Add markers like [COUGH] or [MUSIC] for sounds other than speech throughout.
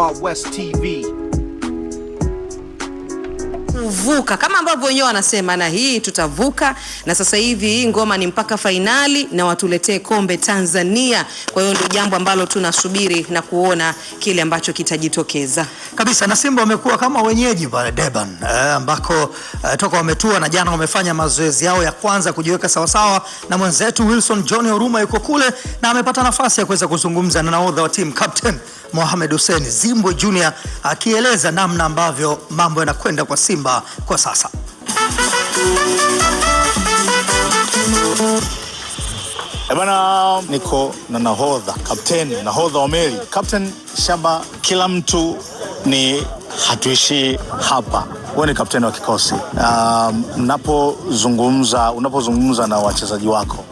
Wild West TV. Vuka kama ambavyo wenyewe wanasema, na hii tutavuka. Na sasa hivi hii ngoma ni mpaka fainali na watuletee kombe Tanzania. Kwa hiyo ndio jambo ambalo tunasubiri na kuona kile ambacho kitajitokeza kabisa, na Simba wamekuwa kama wenyeji pale Durban eh, ambako eh, eh, toka wametua na jana wamefanya mazoezi yao ya kwanza kujiweka sawasawa, na mwenzetu Wilson John Oruma yuko kule na amepata nafasi ya kuweza kuzungumza na nahodha wa timu captain Mohamed Hussein Zimbwe Junior akieleza namna ambavyo mambo yanakwenda kwa Simba kwa sasa. Ebana, eh, niko na nahodha kapteni, nahodha wa meli Captain Shaba. Kila mtu ni hatuishi hapa, wewe ni kapteni wa kikosi Unapozungumza um, unapozungumza na wachezaji wako,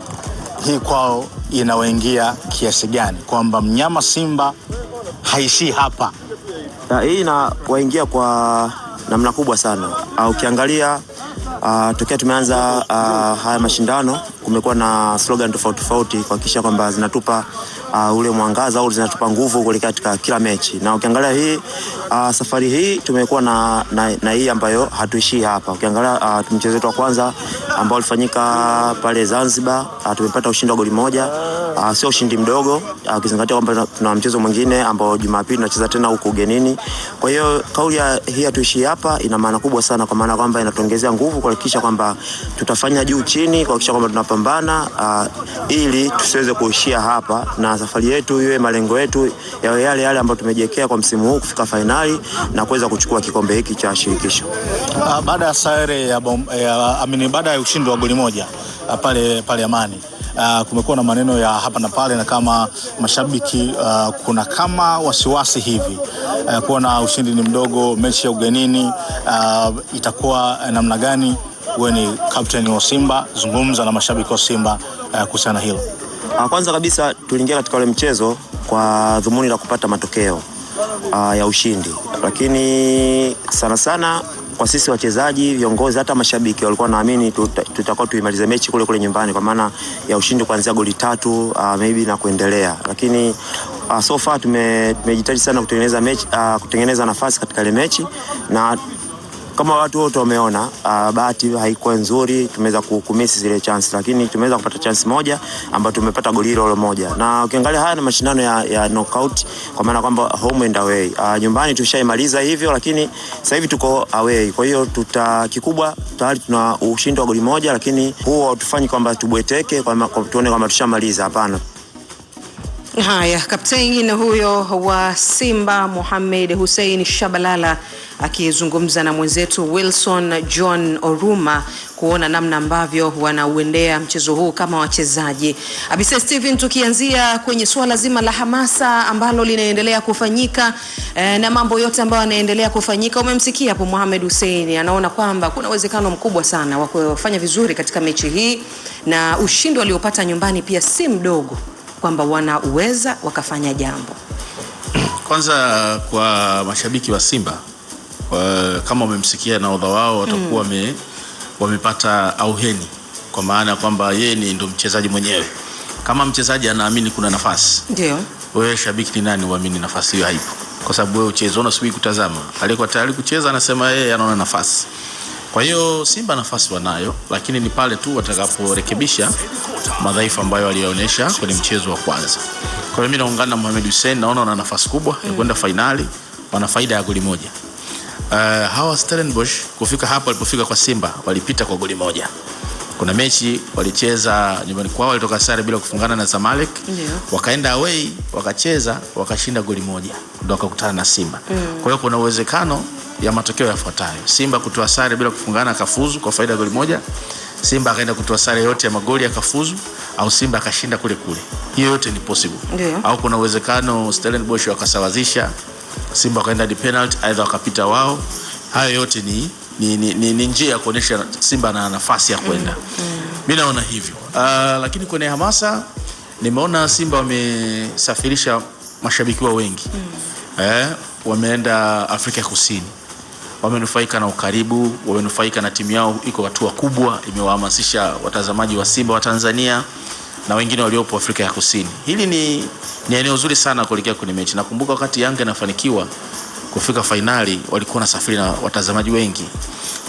hii kwao inawaingia kiasi gani kwamba mnyama Simba haishii hapa na hii inawaingia kwa namna kubwa sana. Ah, ukiangalia uh, tokea tumeanza uh, haya mashindano kumekuwa na slogan tofauti tofauti kuhakikisha kwamba zinatupa uh, ule mwangaza au zinatupa nguvu kule katika kila mechi. Na ukiangalia hii uh, safari hii tumekuwa na, na, na hii ambayo hatuishii hapa. Ukiangalia uh, mchezo wetu wa kwanza ambao ulifanyika pale Zanzibar uh, tumepata ushindi wa goli moja uh, sio ushindi mdogo ukizingatia uh, kwamba tuna mchezo mwingine ambao Jumapili tunacheza tena huko ugenini. Kwa hiyo kauli ya hii hatuishii hapa ina maana kubwa sana, kwa maana kwamba inatuongezea nguvu kuhakikisha kwamba tutafanya juu chini kuhakikisha kwamba tunapambana uh, ili tusiweze kuishia hapa na safari yetu iwe malengo yetu yawe yale yale ambayo tumejiwekea kwa msimu huu kufika fainali na kuweza kuchukua kikombe hiki cha shirikisho. Ah, baada ya sare ya amini, baada ya ushindi wa goli moja ah, pale pale Amani, Uh, kumekuwa na maneno ya hapa na pale na kama mashabiki uh, kuna kama wasiwasi hivi uh, kuona ushindi ni mdogo, mechi ya ugenini uh, itakuwa namna gani? Wewe ni captain wa Simba, zungumza na mashabiki wa Simba uh, kuhusiana hilo. Ah, kwanza kabisa tuliingia katika ule mchezo kwa dhumuni la kupata matokeo aa, ah, ya ushindi, lakini sana sana kwa sisi wachezaji, viongozi, hata mashabiki walikuwa naamini tutakuwa tuimalize mechi kule kule nyumbani kwa maana ya ushindi kuanzia goli tatu uh, maybe na kuendelea, lakini uh, so far tumejitahidi tume sana kutengeneza mechi, uh, kutengeneza nafasi katika ile mechi na kama watu wote wameona, uh, bahati haikuwa nzuri, tumeweza kukumisi zile chance, lakini tumeweza kupata chance moja ambayo tumepata goli hilo moja. Na ukiangalia haya ni mashindano ya, ya knockout kwa maana kwamba home and away, uh, nyumbani tushaimaliza hivyo, lakini sasa hivi tuko away. Kwa hiyo tuta kikubwa tayari tuna ushindi wa goli moja, lakini huo hautufanyi kwamba tubweteke, kwa tuone kwamba tushamaliza. Hapana. Haya, kapteni huyo wa Simba Mohamed Hussein Shabalala akizungumza na mwenzetu Wilson John Oruma kuona namna ambavyo wanauendea mchezo huu kama wachezaji. Abisa Steven, tukianzia kwenye suala zima la hamasa ambalo linaendelea kufanyika e, na mambo yote ambayo yanaendelea kufanyika, umemsikia hapo Mohamed Hussein, anaona kwamba kuna uwezekano mkubwa sana wa kufanya vizuri katika mechi hii na ushindi waliopata nyumbani pia si mdogo kwamba wanaweza wakafanya jambo. Kwanza kwa mashabiki wa Simba kwa, kama wamemsikia naodha wao watakuwa mm. wamepata auheni kwa maana ya kwamba yeye ni ndo mchezaji mwenyewe. Kama mchezaji anaamini kuna nafasi, ndio wewe shabiki ni nani uamini nafasi hiyo haipo, kwa sababu wewe ucheze, unasubiri kutazama. Aliyekuwa tayari kucheza anasema yeye anaona nafasi. Kwa hiyo Simba nafasi wanayo, lakini ni pale tu watakaporekebisha madhaifu ambayo aliyoonyesha kwenye mchezo wa kwanza. Kwa hiyo mimi naungana na Mohamed Hussein, naona wana nafasi kubwa ya kwenda fainali, wana faida ya goli moja. Uh, hawa Stellenbosch kufika hapa walipofika kwa Simba walipita kwa goli moja. Kuna mechi walicheza nyumbani kwao, walitoka sare bila kufungana na Zamalek yeah. Wakaenda away wakacheza wakashinda goli moja, ndio wakakutana na Simba mm. Kwa hiyo kuna uwezekano ya matokeo yafuatayo: Simba kutoa sare bila kufungana akafuzu kwa faida ya goli moja Simba akaenda kutoa sare yote ya magoli akafuzu, au Simba akashinda kule kule, hiyo yote ni possible. Ndiyo. Au kuna uwezekano Stellenbosch wakasawazisha, Simba akaenda di penalty, aidha wakapita wao. Hayo yote ni, ni, ni, ni, ni njia ya kuonyesha Simba ana nafasi ya kwenda mm, mm. Mimi naona hivyo uh, lakini kwenye hamasa nimeona Simba wamesafirisha mashabiki wa wengi mm. Eh, wameenda Afrika Kusini wamenufaika na ukaribu, wamenufaika na timu yao iko hatua kubwa, imewahamasisha watazamaji wa Simba wa Tanzania na wengine waliopo Afrika ya Kusini. Hili ni, ni eneo zuri sana kuelekea kwenye mechi. Nakumbuka wakati Yanga inafanikiwa kufika fainali walikuwa na safiri na watazamaji wengi.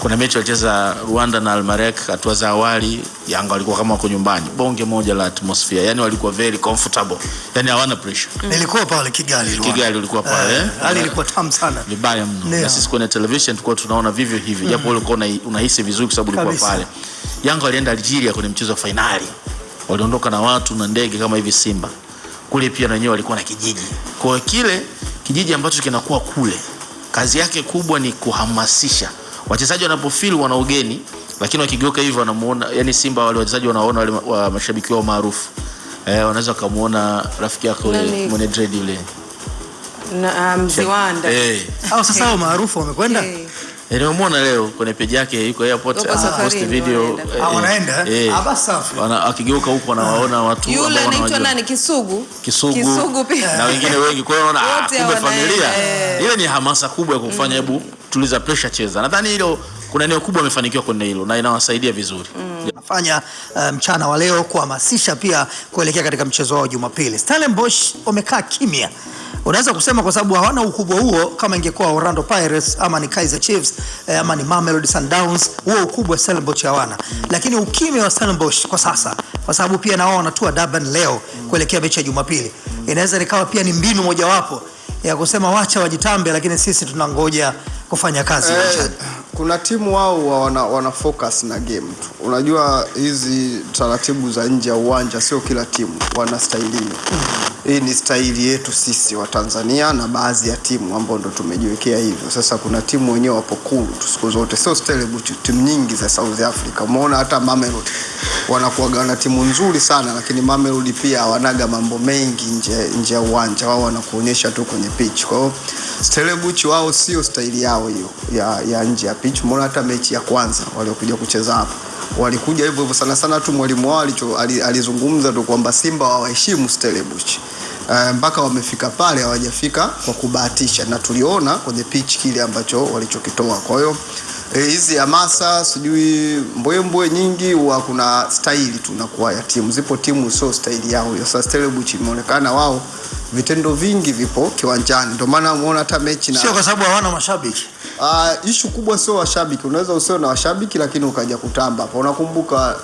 Kuna mechi walicheza Rwanda na Almarek hatua za awali, Yanga walikuwa kama wako nyumbani, bonge moja la atmosphere, yani walikuwa very comfortable, yani hawana pressure. Nilikuwa mm. pale Kigali, Kigali ulikuwa pale eh, eh, hali ilikuwa tamu sana, vibaya mno. Na sisi kwenye television tulikuwa tunaona vivyo hivi, japo mm. ulikuwa unahisi vizuri kwa sababu ulikuwa pale. Yanga walienda Algeria kwenye mchezo wa finali, waliondoka na watu na ndege kama hivi. Simba kule pia na wenyewe walikuwa na kijiji, kwa kile kijiji ambacho kinakuwa kule, kazi yake kubwa ni kuhamasisha wachezaji wanapofeel wana ugeni, lakini wakigeuka hivyo wanamuona, yani Simba wale wachezaji wanaona wale wa mashabiki wao maarufu eh, wanaweza kumuona rafiki yako yule mwenye dread yule na ah, Mziwanda eh, au sasa wao maarufu wamekwenda hey. Eh. Eh, nimemwona leo kwenye peji yake yuko airport ah, post video. Eh, ah, wanaenda hapa safi. Akigeuka huko anawaona watu Yule anaitwa nani? Kisugu. Kisugu. Na wengine wengi. Kwa hiyo unaona familia. Ile ni hamasa kubwa ya kufanya mm. hebu mm tuliza pressure, cheza. Nadhani hilo kuna eneo kubwa amefanikiwa kwenye hilo na inawasaidia vizuri mm. Nafanya eh, mchana um, wa leo kuhamasisha pia kuelekea katika mchezo wao Jumapili. Stellenbosch wamekaa kimya unaweza kusema kwa sababu hawana ukubwa huo. Kama ingekuwa Orlando Pirates ama ni Kaizer Chiefs eh, ama ni Mamelodi Sundowns, huo ukubwa Stellenbosch hawana Lakini ukimya wa Stellenbosch kwa sasa, kwa sababu pia na wao wanatua Durban leo kuelekea mechi ya Jumapili, inaweza nikawa pia ni mbinu mojawapo ya kusema wacha wajitambe, lakini sisi tunangoja kufanya kazi eh, kuna timu wao wana, wana focus na game tu. Unajua hizi taratibu za nje ya uwanja sio kila timu wana staili Mm-hmm. Hii ni staili yetu sisi wa Tanzania na baadhi ya timu ambao ndo tumejiwekea hivyo. Sasa kuna timu wenyewe wapo cool tu siku zote, sio staili Timu nyingi za South Africa umeona hata Mamelodi wanakuwaga na timu nzuri sana, lakini Mamelodi pia wanaga mambo mengi nje nje ya uwanja, wao wanakuonyesha tu kwenye pitch. Kwa hiyo wao sio staili yao yao hiyo ya, ya nje ya pitch. Mbona hata mechi ya kwanza waliokuja kucheza hapa walikuja hivyo hivyo sana sana tu, mwalimu wao alizungumza tu kwamba Simba hawaheshimu Stellenbosch eh, mpaka wamefika pale, hawajafika kwa kubahatisha, na tuliona kwenye pitch kile ambacho walichokitoa. Kwa hiyo Eh, hizi hamasa sijui mbwembwe nyingi, huwa kuna staili tu nakuwa ya timu. Zipo timu sio staili yao hiyo. Sasa imeonekana wao vitendo vingi vipo kiwanjani, ndio maana umeona hata mechi na sio kwa sababu hawana mashabiki. Uh, ah, ishu kubwa sio washabiki, unaweza usio na washabiki lakini ukaja kutamba hapa. Unakumbuka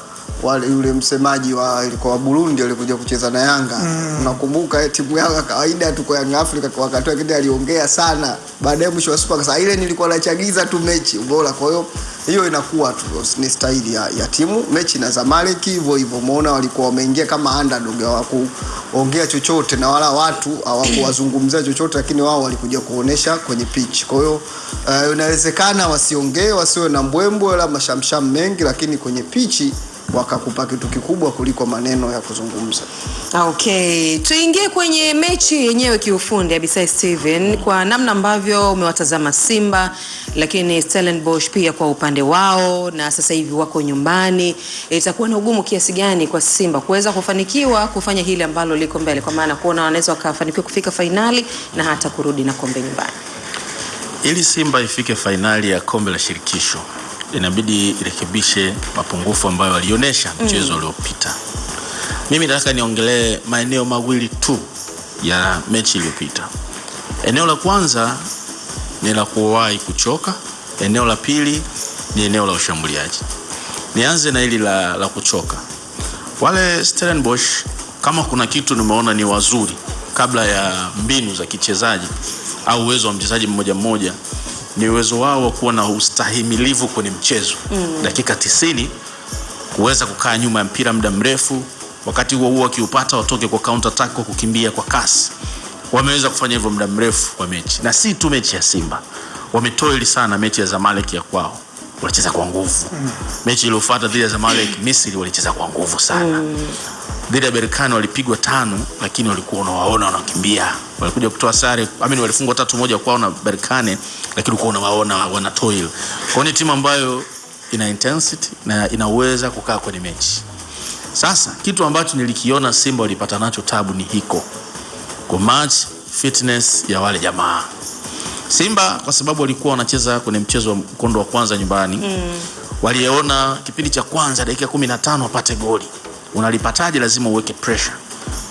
wale yule msemaji wa ilikuwa wa Burundi alikuja kucheza na Yanga mm. Unakumbuka eh, timu Yanga kawaida tuko Yanga kwa wakati wake aliongea sana, baadaye mwisho wa siku ile nilikuwa nachagiza tu mechi bora. Kwa hiyo hiyo inakuwa tu eh, ni staili ya, ya timu mechi na Zamalek hivyo hivyo, umeona walikuwa wameingia kama underdog, hawakuongea chochote na wala watu hawakuwazungumzia chochote, lakini wao walikuja kuonesha kwenye pitch. Kwa hiyo uh, inawezekana wasiongee, wasiwe na mbwembwe wala mashamsham mengi, lakini kwenye pichi wakakupa kitu kikubwa kuliko maneno ya kuzungumza. Okay, tuingie kwenye mechi yenyewe kiufundi. Abisai Steven, kwa namna ambavyo umewatazama Simba lakini Stellenbosch pia kwa upande wao, na sasa hivi wako nyumbani, itakuwa na ugumu kiasi gani kwa Simba kuweza kufanikiwa kufanya hili ambalo liko mbele, kwa maana kuona wanaweza wakafanikiwa kufika fainali na hata kurudi na kombe nyumbani? Ili Simba ifike fainali ya kombe la shirikisho inabidi irekebishe mapungufu ambayo walionyesha mm. mchezo mm. uliopita. Mimi nataka niongelee maeneo mawili tu ya mechi iliyopita. Eneo la kwanza ni la kuwahi kuchoka, eneo la pili ni eneo la ushambuliaji. Nianze na hili la, la kuchoka. Wale Stellenbosch, kama kuna kitu nimeona ni wazuri kabla ya mbinu za kichezaji au uwezo wa mchezaji mmoja mmoja ni uwezo wao wa kuwa na ustahimilivu kwenye mchezo mm. dakika 90 kuweza kukaa nyuma ya mpira muda mrefu, wakati huo huo wakiupata watoke kwa counter attack kwa kukimbia kwa kasi. Wameweza kufanya hivyo muda mrefu kwa mechi, na si tu mechi ya Simba, wametoili sana mechi ya Zamalek ya kwao walicheza kwa nguvu mm. mechi iliyofuata dhidi ya Zamalek Misri walicheza kwa nguvu sana mm dhidi ya Berkane walipigwa tano, lakini walikuwa unawaona wanakimbia, walikuja kutoa sare amini, walifungwa tatu moja kwao na Berkane, lakini ulikuwa unawaona wana toil. Kwa ni timu ambayo ina intensity na inaweza kukaa kwenye mechi. Sasa kitu ambacho nilikiona Simba walipata nacho tabu ni hiko kwa match fitness ya wale jamaa Simba, kwa sababu walikuwa wanacheza kwenye mchezo wa mkondo wa kwanza nyumbani mm. Waliona kipindi cha kwanza dakika 15 wapate goli Unalipataje? Lazima uweke pressure.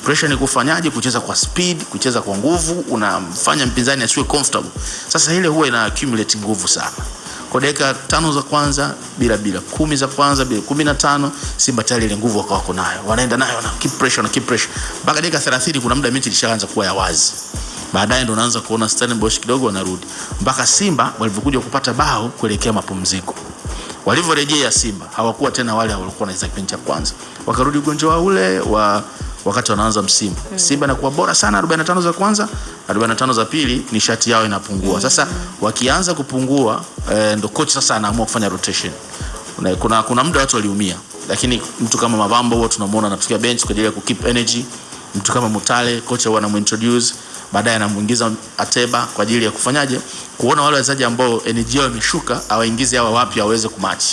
Pressure ni kufanyaje? Kucheza kwa speed, kucheza kwa nguvu, unamfanya mpinzani asiwe comfortable. Sasa ile huwa ina accumulate nguvu sana. Kwa dakika tano za kwanza bila bila, kumi za kwanza bila, kumi na tano Simba tayari ile nguvu wako nayo, wanaenda nayo na keep pressure na keep pressure mpaka dakika 30. Kuna muda mechi ilishaanza kuwa ya wazi, baadaye ndo unaanza kuona Stellenbosch kidogo wanarudi, mpaka Simba walivyokuja kupata bao kuelekea mapumziko. Walivyorejea Simba hawakuwa tena wale walikuwa wanaweza kipindi cha kwanza, wakarudi ugonjwa wa ule wa wakati wanaanza msimu hmm. Simba inakuwa bora sana 45 za kwanza, 45 za pili nishati yao inapungua. Sasa hmm. wakianza kupungua e, ndo coach sasa anaamua kufanya rotation. Kuna, kuna muda watu waliumia, lakini mtu kama Mavambo huwa tunamuona anatukia bench kwa ajili ya ku keep energy. Mtu kama Mutale kocha huwa anamintroduce baadaye anamuingiza Ateba kwa ajili ya kufanyaje, kuona wale wachezaji ambao energy yao imeshuka, awaingize hawa wapi waweze kumatch.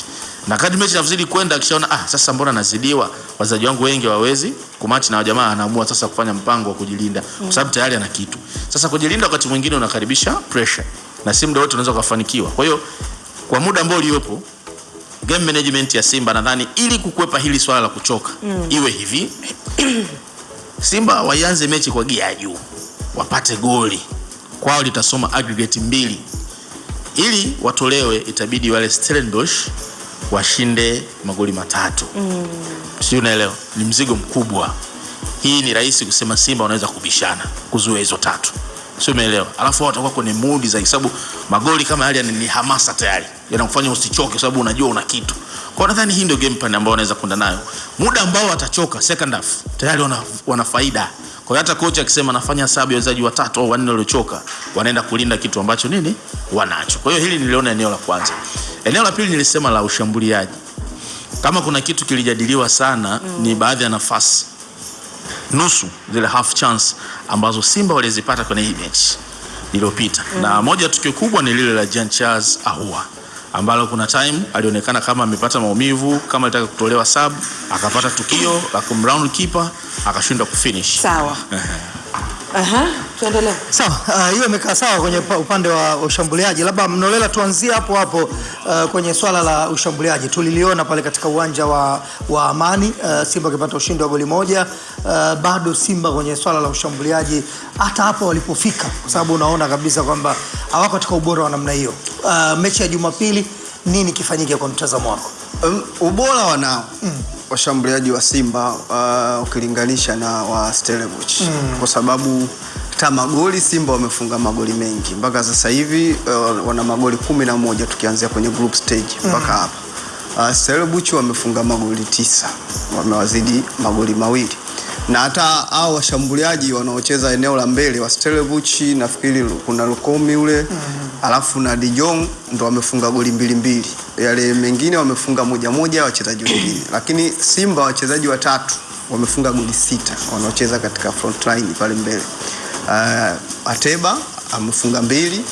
Na kadri mechi inazidi kwenda, akishaona ah, sasa mbona nazidiwa, wachezaji wangu wengi wawezi kumatch na wajamaa, anaamua sasa kufanya mpango wa kujilinda mm, kwa sababu tayari ana kitu. Sasa kujilinda, wakati mwingine unakaribisha pressure na si muda wote unaweza kufanikiwa. Kwa hiyo kwa muda ambao uliopo game management ya Simba nadhani ili kukwepa hili swala la kuchoka mm, iwe hivi Simba waianze mechi kwa gia ya juu wapate goli kwao, litasoma aggregate mbili. Ili watolewe itabidi wale Stellenbosch washinde magoli matatu mm. Sijui unaelewa, ni mzigo mkubwa. Hii ni rahisi kusema Simba wanaweza kubishana kuzuia hizo tatu, sio? Umeelewa? Alafu watakuwa kwenye mudi za sababu magoli kama yale ni hamasa tayari, yanakufanya usichoke sababu unajua una kitu. Kwa nadhani hii ndio game plan ambayo wanaweza kwenda nayo, muda ambao watachoka second half tayari wana, wana faida. Kwa hata kocha akisema nafanya hesabu ya wachezaji watatu au wanne waliochoka, wanaenda kulinda kitu ambacho nini wanacho. Kwa hiyo hili niliona eneo la kwanza. Eneo la pili nilisema la ushambuliaji. Kama kuna kitu kilijadiliwa sana mm, ni baadhi ya nafasi nusu zile half chance ambazo Simba walizipata kwenye hii mechi iliyopita mm, na moja tukio kubwa ni lile la Jean Charles Ahoua ambalo kuna time alionekana kama amepata maumivu kama alitaka kutolewa sub, akapata tukio la kumround keeper akashindwa kufinish. Sawa. [LAUGHS] Aha, tuendelee. Sawa, ah, hiyo imekaa sawa kwenye upande wa ushambuliaji. Labda Mnolela, tuanzie hapo hapo uh, kwenye swala la ushambuliaji tuliliona pale katika uwanja wa, wa Amani uh, Simba akipata ushindi wa goli moja uh, bado Simba kwenye swala la ushambuliaji hata hapo walipofika, kwa sababu unaona kabisa kwamba hawako katika ubora wa namna hiyo. Uh, mechi ya Jumapili nini kifanyike kwa mtazamo wako? Um, ubora wanao mm washambuliaji wa Simba uh, ukilinganisha na wa Stellenbosch mm. kwa sababu ta magoli Simba wamefunga magoli mengi mpaka sasa hivi uh, wana magoli kumi na moja tukianzia kwenye group stage hmm. mpaka mm. hapa uh, Stellenbosch wamefunga magoli tisa, wamewazidi magoli mawili na hata hao washambuliaji wanaocheza eneo la mbele wa Stellenbosch nafikiri kuna Lukomi ule mm. alafu na dijon ndo wamefunga goli mbili mbili yale mengine wamefunga moja moja wachezaji wengine, lakini Simba wachezaji watatu wamefunga goli sita wanaocheza katika front line pale mbele. Uh, Ateba amefunga mbili,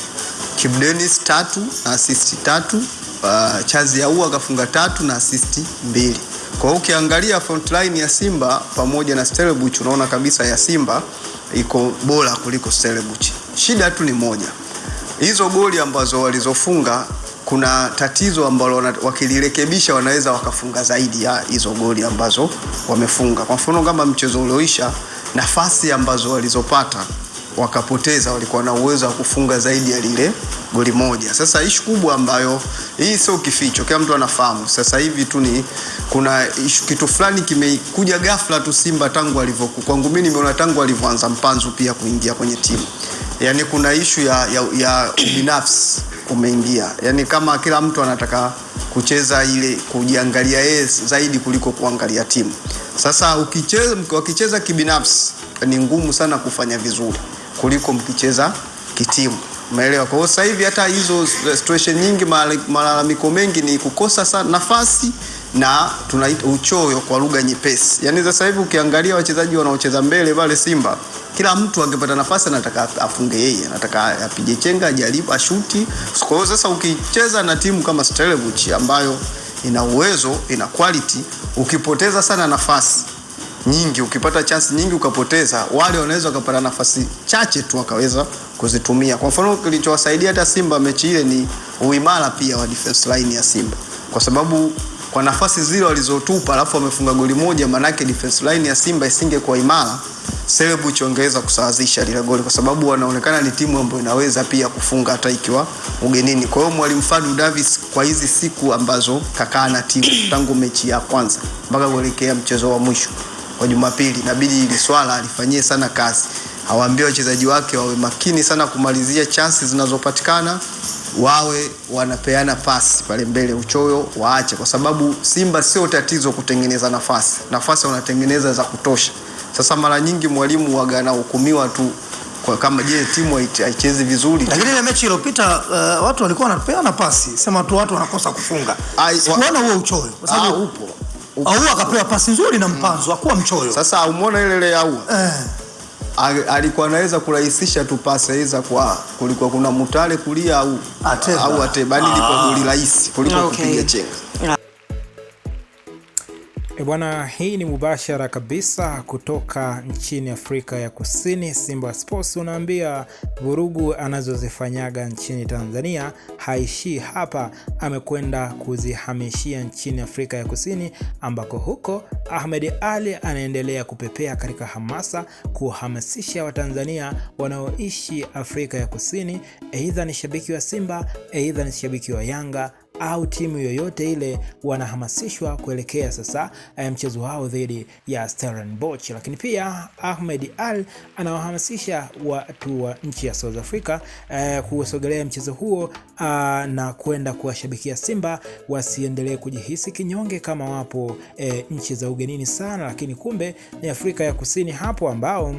Kibu Denis tatu na assist tatu. Uh, Chazi Yaua akafunga tatu na assist mbili. Kwa hiyo ukiangalia front line ya Simba pamoja na Stellenbosch unaona kabisa ya Simba iko bora kuliko Stellenbosch. Shida tu ni moja, hizo goli ambazo walizofunga kuna tatizo ambalo wakilirekebisha wanaweza wakafunga zaidi ya hizo goli ambazo wamefunga. Kwa mfano kama mchezo ulioisha, nafasi ambazo walizopata wakapoteza, walikuwa na uwezo wa kufunga zaidi ya lile goli moja. Sasa ishu kubwa ambayo hii sio kificho, kila mtu anafahamu sasa hivi tu ni kuna ishu, kitu fulani kimekuja ghafla tu Simba tangu alivyokuwa, kwangu mimi nimeona tangu alivyoanza Mpanzu pia kuingia kwenye timu, yaani kuna ishu ya, ya, ya ubinafsi umeingia, yaani kama kila mtu anataka kucheza ile kujiangalia yeye zaidi kuliko kuangalia timu. Sasa ukicheza, wakicheza kibinafsi ni ngumu sana kufanya vizuri kuliko mkicheza kitimu. Umeelewa? Kwa hiyo sasa hivi hata hizo situation nyingi, malalamiko mengi ni kukosa sana nafasi na tunaita uchoyo kwa lugha nyepesi. Yaani sasa hivi ukiangalia wachezaji wanaocheza mbele pale Simba kila mtu angepata nafasi anataka afunge yeye, anataka apige chenga, ajaribu ashuti. Kwa hiyo sasa ukicheza na timu kama Stellenbosch ambayo ina uwezo, ina quality, ukipoteza sana nafasi nyingi, ukipata chance nyingi ukapoteza, wale wanaweza wakapata nafasi chache tu wakaweza kuzitumia. Kwa mfano, kilichowasaidia hata Simba mechi ile ni uimara pia wa defense line ya Simba kwa sababu kwa nafasi zile walizotupa, alafu wamefunga goli moja, manake defense line ya Simba isingekuwa imara, Sebebuchi angeweza kusawazisha lile goli, kwa sababu wanaonekana ni timu ambayo inaweza pia kufunga hata ikiwa ugenini. Kwa hiyo mwalimu Fadu Davis kwa hizi siku ambazo kakaa na timu [COUGHS] tangu mechi ya kwanza mpaka kuelekea mchezo wa mwisho wa Jumapili, inabidi ili swala alifanyie sana kazi, awaambie wachezaji wake wawe makini sana kumalizia chansi zinazopatikana wawe wanapeana pasi pale mbele, uchoyo waache, kwa sababu Simba sio tatizo kutengeneza nafasi. Nafasi wanatengeneza za kutosha. Sasa mara nyingi mwalimu waga anahukumiwa tu kwa kama je, timu haichezi vizuri. Lakini ile mechi iliyopita uh, watu walikuwa wanapeana pasi, sema tu watu wanakosa kufunga. Sikuona huo uchoyo, kwa sababu ah, upo au akapewa pasi nzuri na mm. mpanzo, akuwa mchoyo. Sasa umeona ile ile au eh alikuwa anaweza kurahisisha tu pasa hizo kwa kulikuwa kuna Mutale kulia au Ateba, au Ateba, yaani kwa goli ah. rahisi kuliko kupiga chenga. E bwana, hii ni mubashara kabisa kutoka nchini Afrika ya Kusini. Simba Sports unaambia vurugu anazozifanyaga nchini Tanzania haishii hapa, amekwenda kuzihamishia nchini Afrika ya Kusini, ambako huko Ahmed Ali anaendelea kupepea katika hamasa kuhamasisha Watanzania wanaoishi Afrika ya Kusini, aidha ni shabiki wa Simba, aidha ni shabiki wa Yanga au timu yoyote ile wanahamasishwa kuelekea sasa eh, mchezo wao dhidi ya Stellenbosch. Lakini pia Ahmed Al anawahamasisha watu wa nchi ya South Africa eh, kusogelea mchezo huo ah, na kwenda kuwashabikia Simba wasiendelee kujihisi kinyonge kama wapo eh, nchi za ugenini sana, lakini kumbe ni Afrika ya Kusini hapo ambao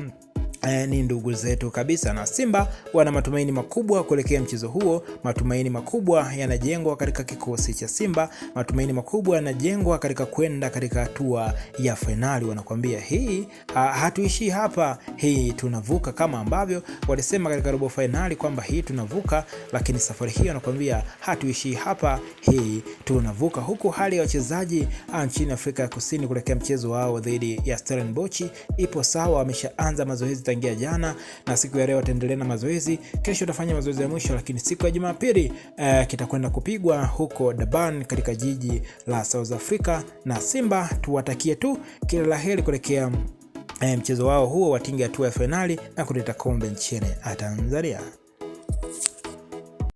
eh, ni ndugu zetu kabisa na Simba wana matumaini makubwa kuelekea mchezo huo. Matumaini makubwa yanajengwa katika kikosi cha Simba, matumaini makubwa yanajengwa katika kwenda katika hatua ya fainali. Wanakuambia hii hatuishii hapa, hii tunavuka, kama ambavyo walisema katika robo fainali kwamba hii tunavuka, lakini safari hii wanakuambia hatuishii hapa, hii tunavuka, huku hali ya wachezaji ah, nchini Afrika ya Kusini kuelekea mchezo wao dhidi ya Stellenbosch ipo sawa, wameshaanza mazoezi tangia jana, na siku ya leo ataendelea na mazoezi. Kesho utafanya mazoezi ya mwisho, lakini siku ya Jumapili eh, kitakwenda kupigwa huko Durban katika jiji la South Africa, na Simba tuwatakie tu kila la heri kuelekea eh, mchezo wao huo, watinge hatua ya fainali na kuleta kombe nchini Tanzania.